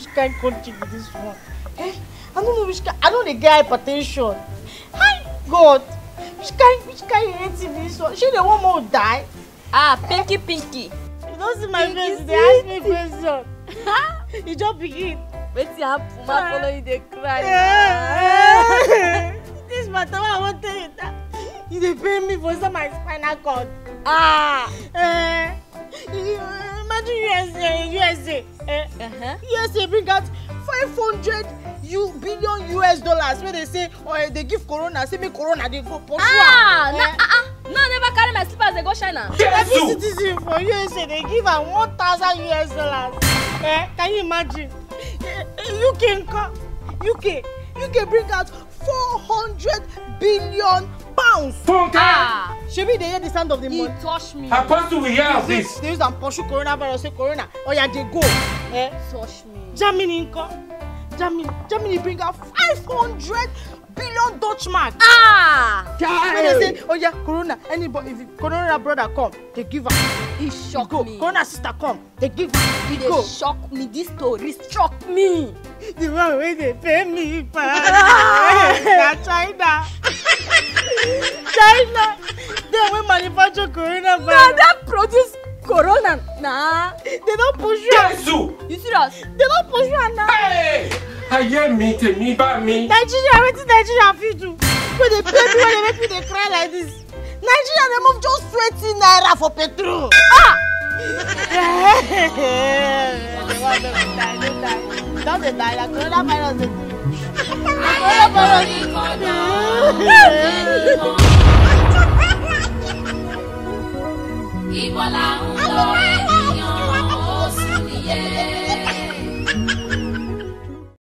which kind country be this one eh i no know which kind i no get hypertension hi god which kind which kind hate be this one shey the one more die. ah pinky pinky. you don't see my face They ask me question you just begin. wetin happen ma follow you dey cry. Eh, eh. this matter wey i wan tell you na you dey pain me for inside my spinal cord. ah. Eh today eh, eh usa uh-huh. e bring out five hundred billion us dollars wey dey say or dey give corona say make corona dey go pursue am. Ah, eh? ah ah, no never carry my slippers dey go china. every citizen for usa dey give am one thousand us dollars eh can you imagine eh, uk nkan uk uk bring out four hundred billion pounds. funka ṣebí dey hear the sound of the money. he touch me. apostle we hear of this. they use am pursue coronavirus say corona oya oh, dey go. Eh? touch me. germany nkan germany germany bring out five hundred billion dutch mark. ah. when they say oya oh, corona anybody if corona brother come they give am. e shock go. me. corona sister come they give am. e go. e dey shock me this story shock me. the one wey dey pay me para na china china. Then we manufacture coronavirus. Nah, that produce corona. Nah, they don't push you. Yesu. You serious? They don't push you now. Hey, I hear me, tell me, by me. Nigeria, wetin Nigeria fit do? When they play me, when they make me dey cry like this. Nigeria dey move just twenty naira for petrol. Ah. Don't dey die, na coronavirus dey do you. Coronavirus. ìbọ̀là ń lọ ènìyàn ó sì níyẹn.